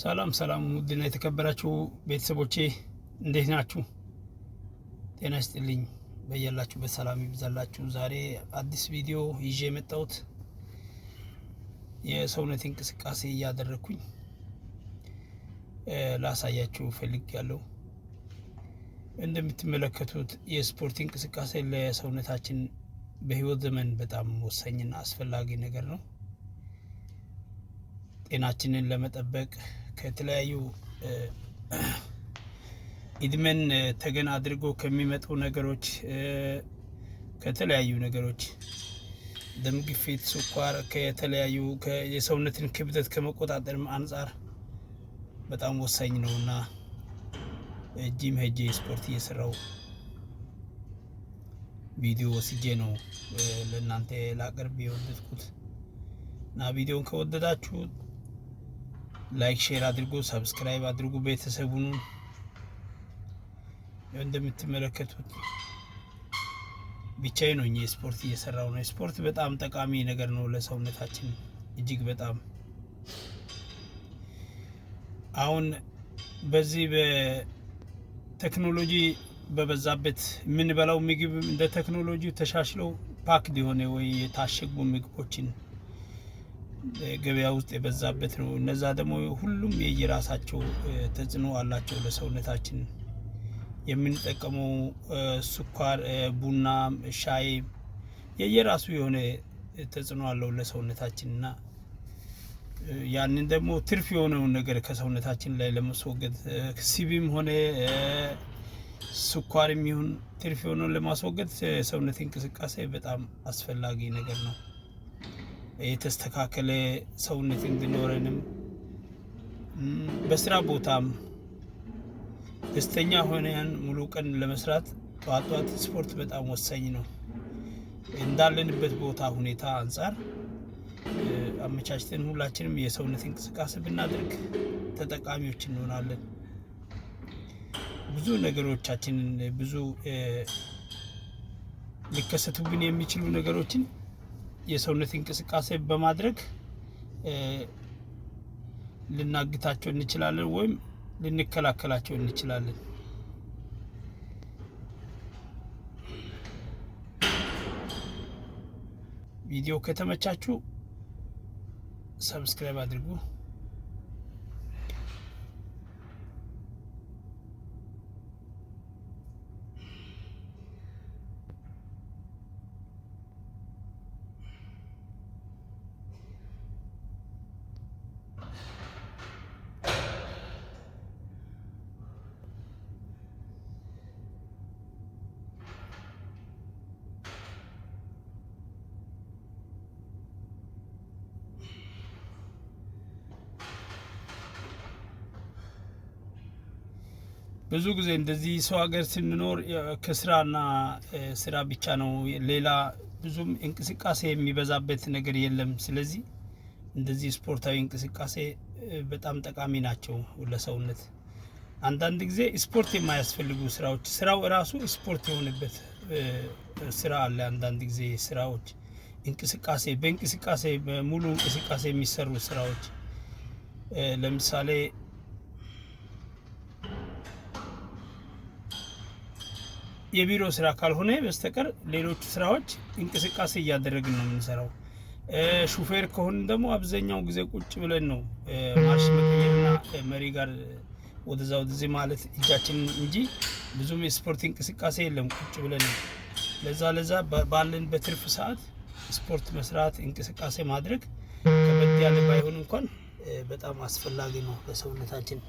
ሰላም ሰላም፣ ውድና የተከበራችሁ ቤተሰቦቼ እንዴት ናችሁ? ጤና ይስጥልኝ። በያላችሁበት ሰላም ይብዛላችሁ። ዛሬ አዲስ ቪዲዮ ይዤ የመጣሁት የሰውነት እንቅስቃሴ እያደረግኩኝ ላሳያችሁ ያለው እንደምትመለከቱት የስፖርት እንቅስቃሴ ለሰውነታችን በህይወት ዘመን በጣም ወሳኝና አስፈላጊ ነገር ነው። ጤናችንን ለመጠበቅ ከተለያዩ እድሜን ተገን አድርጎ ከሚመጡ ነገሮች ከተለያዩ ነገሮች ደም ግፊት፣ ስኳር፣ ከተለያዩ የሰውነትን ክብደት ከመቆጣጠር አንጻር በጣም ወሳኝ ነው እና ጂም ሄጄ ስፖርት እየሰራው ቪዲዮ ወስጄ ነው ለእናንተ ላቀርብ የወደድኩት እና ቪዲዮን ከወደዳችሁ ላይክ ሼር አድርጉ፣ ሰብስክራይብ አድርጉ። ቤተሰቡን እንደምትመለከቱት ነው ሆኜ ስፖርት እየሰራው ነው። ስፖርት በጣም ጠቃሚ ነገር ነው ለሰውነታችን እጅግ በጣም አሁን በዚህ በቴክኖሎጂ በበዛበት የምንበላው ምግብ እንደ ቴክኖሎጂ ተሻሽለው ፓክድ የሆነ ወይ የታሸጉ ምግቦችን ገበያ ውስጥ የበዛበት ነው። እነዛ ደግሞ ሁሉም የየራሳቸው ተጽዕኖ አላቸው ለሰውነታችን። የምንጠቀመው ስኳር፣ ቡና፣ ሻይ የየራሱ የሆነ ተጽዕኖ አለው ለሰውነታችን እና ያንን ደግሞ ትርፍ የሆነውን ነገር ከሰውነታችን ላይ ለማስወገድ ሲቢም ሆነ ስኳር የሚሆን ትርፍ የሆነውን ለማስወገድ ሰውነት እንቅስቃሴ በጣም አስፈላጊ ነገር ነው። የተስተካከለ ሰውነት እንድኖረንም በስራ ቦታም ደስተኛ ሆነን ሙሉ ቀን ለመስራት ጠዋት ጠዋት ስፖርት በጣም ወሳኝ ነው። እንዳለንበት ቦታ ሁኔታ አንጻር አመቻችተን ሁላችንም የሰውነት እንቅስቃሴ ብናደርግ ተጠቃሚዎች እንሆናለን። ብዙ ነገሮቻችንን ብዙ ሊከሰቱብን የሚችሉ ነገሮችን የሰውነት እንቅስቃሴ በማድረግ ልናግታቸው እንችላለን ወይም ልንከላከላቸው እንችላለን። ቪዲዮ ከተመቻችሁ ሰብስክራይብ አድርጉ። ብዙ ጊዜ እንደዚህ ሰው ሀገር ስንኖር ከስራና ስራ ብቻ ነው። ሌላ ብዙም እንቅስቃሴ የሚበዛበት ነገር የለም። ስለዚህ እንደዚህ ስፖርታዊ እንቅስቃሴ በጣም ጠቃሚ ናቸው ለሰውነት። አንዳንድ ጊዜ ስፖርት የማያስፈልጉ ስራዎች ስራው ራሱ ስፖርት የሆነበት ስራ አለ። አንዳንድ ጊዜ ስራዎች እንቅስቃሴ በእንቅስቃሴ በሙሉ እንቅስቃሴ የሚሰሩ ስራዎች ለምሳሌ የቢሮ ስራ ካልሆነ በስተቀር ሌሎች ስራዎች እንቅስቃሴ እያደረግን ነው የምንሰራው። ሹፌር ከሆን ደግሞ አብዛኛው ጊዜ ቁጭ ብለን ነው ማርሽ መቀየርና መሪ ጋር ወደዛ ወደዚህ ማለት እጃችን እንጂ ብዙም የስፖርት እንቅስቃሴ የለም፣ ቁጭ ብለን ነው። ለዛ ለዛ ባለን በትርፍ ሰዓት ስፖርት መስራት እንቅስቃሴ ማድረግ ከበድ ያለ ባይሆን እንኳን በጣም አስፈላጊ ነው ለሰውነታችን።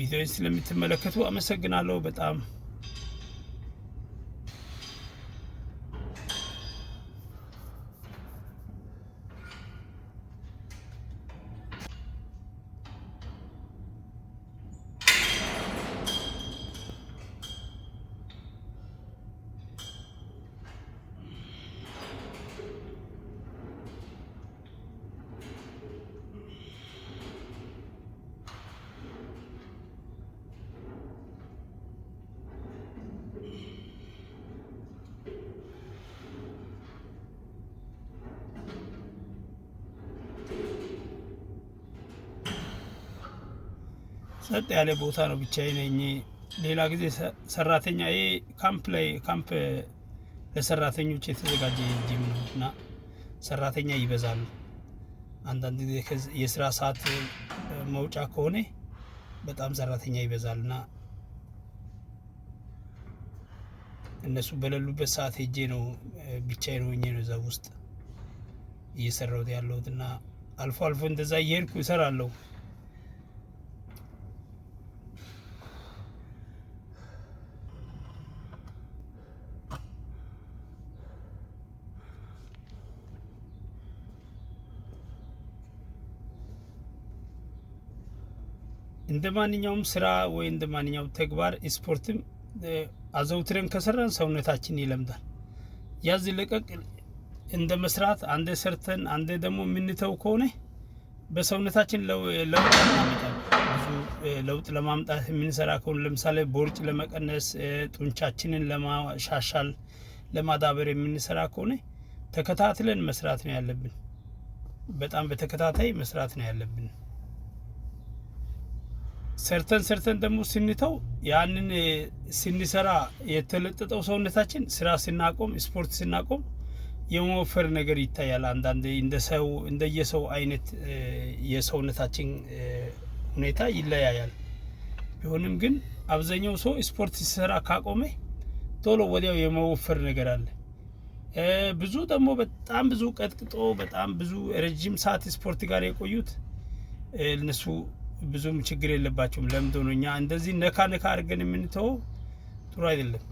ቪዲዮን ስለምትመለከቱ አመሰግናለሁ በጣም ጸጥ ያለ ቦታ ነው። ብቻዬን ነኝ። ሌላ ጊዜ ሰራተኛ ይሄ ካምፕ ላይ ካምፕ ለሰራተኞች የተዘጋጀ ጂም ነው እና ሰራተኛ ይበዛል። አንዳንድ ጊዜ የስራ ሰዓት መውጫ ከሆነ በጣም ሰራተኛ ይበዛል እና እነሱ በሌሉበት ሰዓት ሄጄ ነው ብቻዬን ሆኜ ነው እዛ ውስጥ እየሰራሁት ያለሁት እና አልፎ አልፎ እንደዛ እየሄድኩ እሰራለሁ። እንደ ማንኛውም ስራ ወይ እንደ ማንኛውም ተግባር ስፖርትም አዘውትረን ከሰራን ሰውነታችን ይለምዳል። ያዝ ለቀቅ እንደ መስራት አንዴ ሰርተን አንዴ ደግሞ የምንተው ከሆነ በሰውነታችን ለውጥ ለውጥ ለማምጣት የምንሰራ ከሆነ ለምሳሌ ቦርጭ ለመቀነስ፣ ጡንቻችንን ለማሻሻል፣ ለማዳበር የምንሰራ ከሆነ ተከታትለን መስራት ነው ያለብን። በጣም በተከታታይ መስራት ነው ያለብን። ሰርተን ሰርተን ደግሞ ስንተው ያንን ስንሰራ የተለጠጠው ሰውነታችን ስራ ስናቆም ስፖርት ስናቆም የመወፈር ነገር ይታያል። አንዳንድ እንደ ሰው እንደየሰው አይነት የሰውነታችን ሁኔታ ይለያያል። ቢሆንም ግን አብዛኛው ሰው ስፖርት ሲሰራ ካቆመ ቶሎ ወዲያው የመወፈር ነገር አለ። ብዙ ደግሞ በጣም ብዙ ቀጥቅጦ በጣም ብዙ ረጅም ሰዓት ስፖርት ጋር የቆዩት እነሱ ብዙም ችግር የለባቸውም። ለምንድን ነው እኛ እንደዚህ ነካ ነካ አድርገን የምንተው? ጥሩ አይደለም።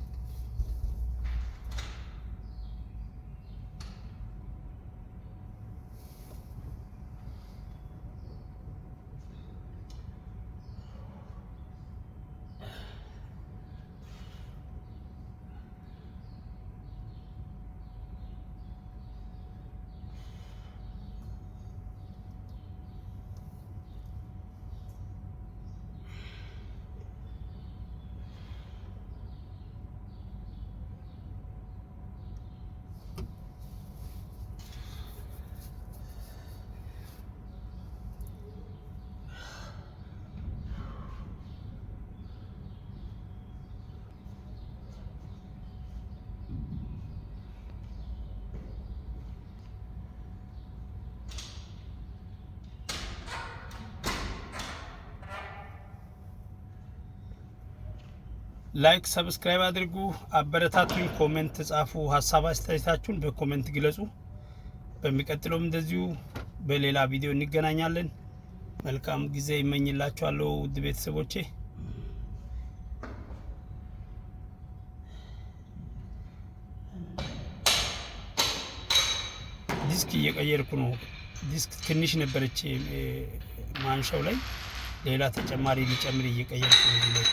ላይክ ሰብስክራይብ አድርጉ፣ አበረታቱኝ። ኮሜንት ጻፉ፣ ሀሳብ አስተያየታችሁን በኮሜንት ግለጹ። በሚቀጥለውም እንደዚሁ በሌላ ቪዲዮ እንገናኛለን። መልካም ጊዜ ይመኝላችኋለሁ ውድ ቤተሰቦቼ። ዲስክ እየቀየርኩ ነው። ዲስክ ትንሽ ነበረች ማንሻው ላይ ሌላ ተጨማሪ ሊጨምር እየቀየርኩ ነው።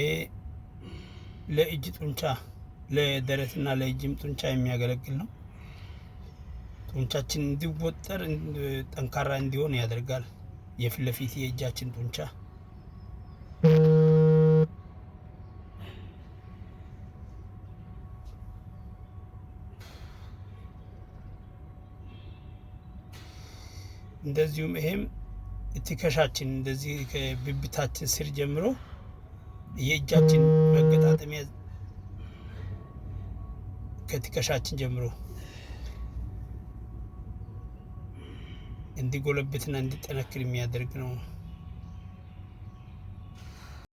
ይሄ ለእጅ ጡንቻ ለደረትና ለእጅም ጡንቻ የሚያገለግል ነው። ጡንቻችን እንዲወጠር ጠንካራ እንዲሆን ያደርጋል። የፊት ለፊት የእጃችን ጡንቻ እንደዚሁም ይሄም ትከሻችን እንደዚህ ከብብታችን ስር ጀምሮ የእጃችን መገጣጠሚያ ከትከሻችን ጀምሮ እንዲጎለብትና እንዲጠነክር የሚያደርግ ነው።